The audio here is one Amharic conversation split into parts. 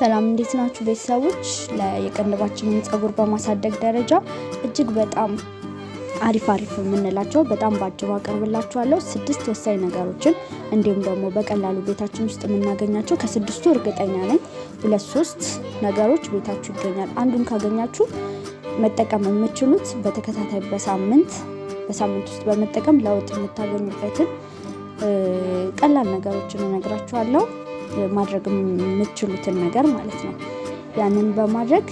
ሰላም እንዴት ናችሁ ቤተሰቦች? የቅንድባችንን ፀጉር በማሳደግ ደረጃ እጅግ በጣም አሪፍ አሪፍ የምንላቸው በጣም በአጭሩ አቀርብላችኋለሁ። ስድስት ወሳኝ ነገሮችን እንዲሁም ደግሞ በቀላሉ ቤታችን ውስጥ የምናገኛቸው ከስድስቱ እርግጠኛ ነኝ ሁለት ሶስት ነገሮች ቤታችሁ ይገኛል። አንዱን ካገኛችሁ መጠቀም የምችሉት በተከታታይ በሳምንት በሳምንት ውስጥ በመጠቀም ለውጥ የምታገኙበትን ቀላል ነገሮችን እነግራችኋለሁ። ማድረግ የምትችሉትን ነገር ማለት ነው። ያንን በማድረግ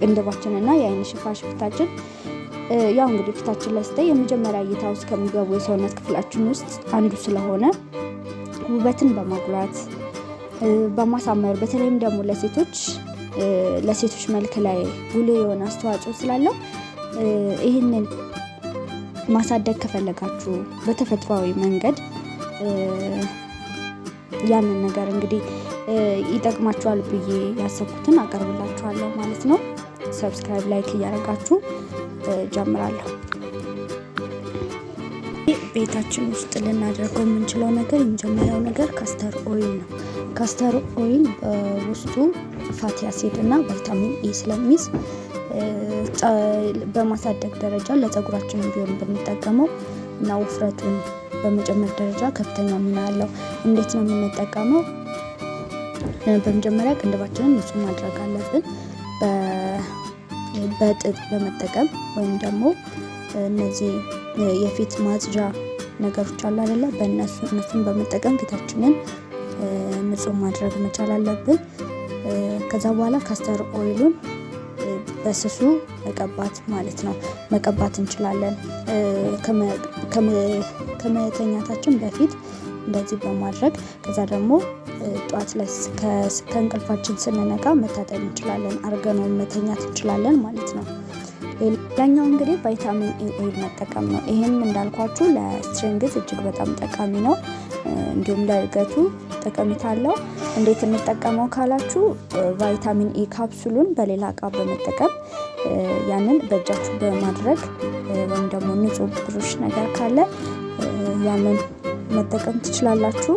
ቅንድባችንና የአይን ሽፋሽፍታችን ያው እንግዲህ ፊታችን ላይ ስታይ የመጀመሪያ እይታ ውስጥ ከሚገቡ የሰውነት ክፍላችን ውስጥ አንዱ ስለሆነ ውበትን በማጉላት በማሳመር በተለይም ደግሞ ለሴቶች ለሴቶች መልክ ላይ ጉልህ የሆነ አስተዋጽኦ ስላለው ይህንን ማሳደግ ከፈለጋችሁ በተፈጥሯዊ መንገድ ያንን ነገር እንግዲህ ይጠቅማችኋል ብዬ ያሰብኩትን አቀርብላችኋለሁ ማለት ነው። ሰብስክራይብ፣ ላይክ እያደረጋችሁ ጀምራለሁ። ቤታችን ውስጥ ልናደርገው የምንችለው ነገር የመጀመሪያው ነገር ካስተር ኦይል ነው። ካስተር ኦይል በውስጡ ፋቲ አሲድ እና ቫይታሚን ኤ ስለሚይዝ በማሳደግ ደረጃ ለጸጉራችን ቢሆን ብንጠቀመው እና ውፍረቱን በመጨመር ደረጃ ከፍተኛ ሚና አለው። እንዴት ነው የምንጠቀመው? በመጀመሪያ ቅንድባችንን ንጹህ ማድረግ አለብን። በጥጥ በመጠቀም ወይም ደግሞ እነዚህ የፊት ማጽጃ ነገሮች አሉ አይደለ? በእነሱ እነሱን በመጠቀም ፊታችንን ንጹህ ማድረግ መቻል አለብን። ከዛ በኋላ ካስተር ኦይሉን በስሱ መቀባት ማለት ነው። መቀባት እንችላለን። ከመተኛታችን በፊት እንደዚህ በማድረግ ከዛ ደግሞ ጠዋት ላይ ከእንቅልፋችን ስንነቃ መታጠብ እንችላለን። አርገነው መተኛት እንችላለን ማለት ነው። ሌላኛው እንግዲህ ቫይታሚን ኤ ኤል መጠቀም ነው። ይህም እንዳልኳችሁ ለስትሬንግዝ እጅግ በጣም ጠቃሚ ነው። እንዲሁም ለእድገቱ ጠቀሜታ አለው። እንዴት እንጠቀመው ካላችሁ ቫይታሚን ኤ ካፕሱሉን በሌላ እቃ በመጠቀም ያንን በእጃችሁ በማድረግ ወይም ደግሞ ንጹህ ብሩሽ ነገር ካለ ያንን መጠቀም ትችላላችሁ።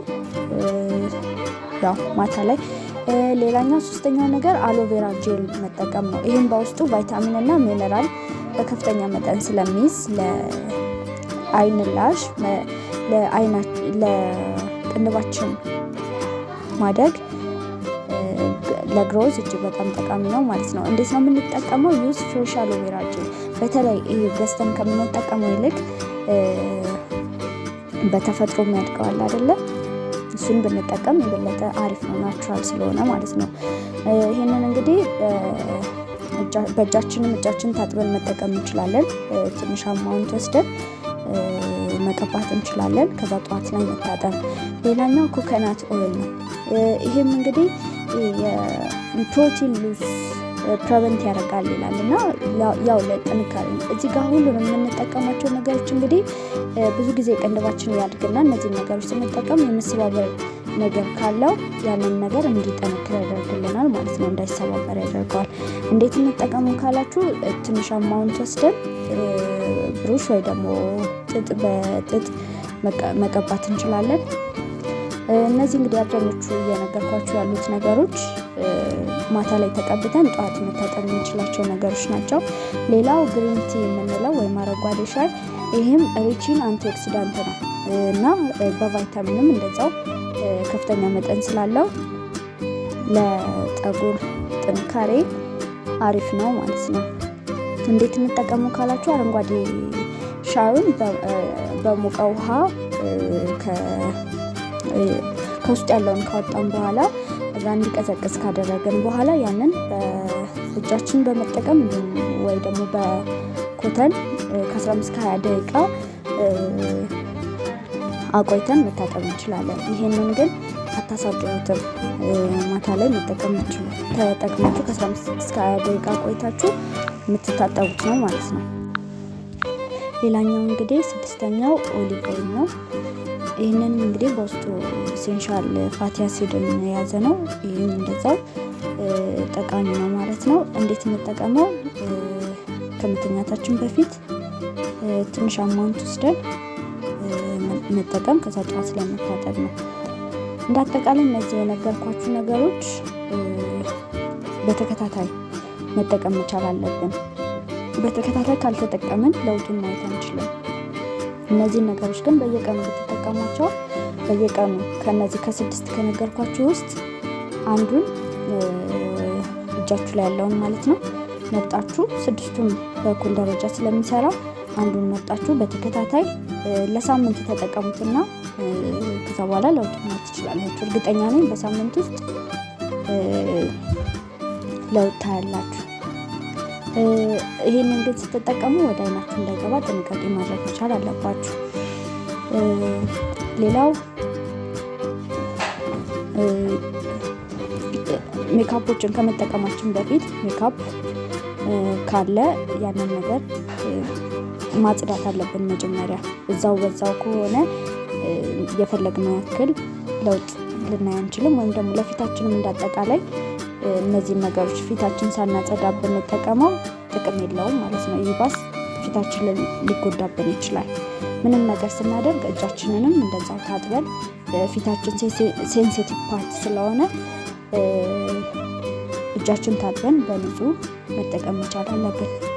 ያው ማታ ላይ ሌላኛው ሶስተኛው ነገር አሎቬራ ጄል መጠቀም ነው። ይህም በውስጡ ቫይታሚን እና ሚነራል በከፍተኛ መጠን ስለሚይዝ ለአይን ላሽ፣ ለቅንባችን ማደግ፣ ለግሮዝ እጅግ በጣም ጠቃሚ ነው ማለት ነው። እንዴት ነው የምንጠቀመው? ዩዝ ፍሬሽ አሎቬራ ጄል። በተለይ ይህ ገዝተን ከምንጠቀመው ይልቅ በተፈጥሮ የሚያድገዋል አይደለም እሱን ብንጠቀም የበለጠ አሪፍ ነው፣ ናቹራል ስለሆነ ማለት ነው። ይህንን እንግዲህ በእጃችንም እጃችን ታጥበን መጠቀም እንችላለን። ትንሽ አማውንት ወስደን መቀባት እንችላለን። ከዛ ጠዋት ላይ መታጠብ። ሌላኛው ኮከናት ኦይል ነው። ይህም እንግዲህ የፕሮቲን ሉዝ ፕሮቨንት ያደርጋል ይላል እና ያው ለጥንካሬ እዚህ ጋር ሁሉንም የምንጠቀማቸው ነገሮች እንግዲህ ብዙ ጊዜ ቅንድባችን ያድግና እነዚህ ነገሮች ስንጠቀም የመሰባበር ነገር ካለው ያንን ነገር እንዲጠነክር ያደርግልናል ማለት ነው። እንዳይሰባበር ያደርገዋል። እንዴት እንጠቀሙ ካላችሁ ትንሽ አማውንት ወስደን ብሩሽ ወይ ደግሞ ጥጥ በጥጥ መቀባት እንችላለን። እነዚህ እንግዲህ አብዛኞቹ እየነገርኳቸው ያሉት ነገሮች ማታ ላይ ተቀብተን ጠዋት መታጠብ የምንችላቸው ነገሮች ናቸው። ሌላው ግሪንቲ የምንለው ወይም አረንጓዴ ሻይ ይህም ሪችን አንቲኦክሲዳንት ነው እና በቫይታሚንም እንደዛው ከፍተኛ መጠን ስላለው ለጠጉር ጥንካሬ አሪፍ ነው ማለት ነው። እንዴት እንጠቀሙ ካላችሁ አረንጓዴ ሻዩን በሙቀ ውሃ ከውስጥ ያለውን ካወጣን በኋላ እዛ እንዲቀዘቅዝ ካደረግን በኋላ ያንን እጃችን በመጠቀም ወይ ደግሞ በኮተን ከ15 20 ደቂቃ አቆይተን መታጠብ እንችላለን። ይሄንን ግን አታሳድሩትም። ማታ ላይ መጠቀም ተጠቅማችሁ ከ15 እስከ 20 ደቂቃ ቆይታችሁ የምትታጠቡት ነው ማለት ነው። ሌላኛው እንግዲህ ስድስተኛው ኦሊቭ ኦይል ነው። ይህንን እንግዲህ በውስጡ ሴንሻል ፋቲ አሲድን የያዘ ነው። ይህም እንደዛው ጠቃሚ ነው ማለት ነው። እንዴት የምጠቀመው ከመተኛታችን በፊት ትንሽ አማውንት ወስደን መጠቀም፣ ከዛ ጠዋት ለመታጠብ ነው። እንደ አጠቃላይ እነዚህ የነገርኳችሁ ነገሮች በተከታታይ መጠቀም መቻል አለብን። በተከታታይ ካልተጠቀምን ለውጡን ማየት አንችልም። እነዚህን ነገሮች ግን በየቀኑ የምጠቀማቸው በየቀኑ ከነዚህ ከስድስት ከነገርኳችሁ ውስጥ አንዱን እጃችሁ ላይ ያለውን ማለት ነው መርጣችሁ ስድስቱን በኩል ደረጃ ስለሚሰራ አንዱን መርጣችሁ በተከታታይ ለሳምንት ተጠቀሙትና ከዛ በኋላ ለውጥ ማየት ትችላላችሁ። እርግጠኛ ነኝ በሳምንት ውስጥ ለውጥ ታያላችሁ። ይህንን ግን ስትጠቀሙ ወደ አይናችሁ እንዳይገባ ጥንቃቄ ማድረግ መቻል አለባችሁ። ሌላው ሜካፖችን ከመጠቀማችን በፊት ሜካፕ ካለ ያንን ነገር ማጽዳት አለብን። መጀመሪያ እዛው በዛው ከሆነ የፈለግነው ያክል ለውጥ ልናይ አንችልም። ወይም ደግሞ ለፊታችንም እንዳጠቃላይ እነዚህን ነገሮች ፊታችን ሳናጸዳ ብንጠቀመው ጥቅም የለውም ማለት ነው። ይባስ ፊታችን ሊጎዳብን ይችላል። ምንም ነገር ስናደርግ እጃችንንም እንደዛ ታጥበን ፊታችን ሴንሲቲቭ ፓርት ስለሆነ እጃችን ታጥበን በንጹህ መጠቀም መቻል አለብን።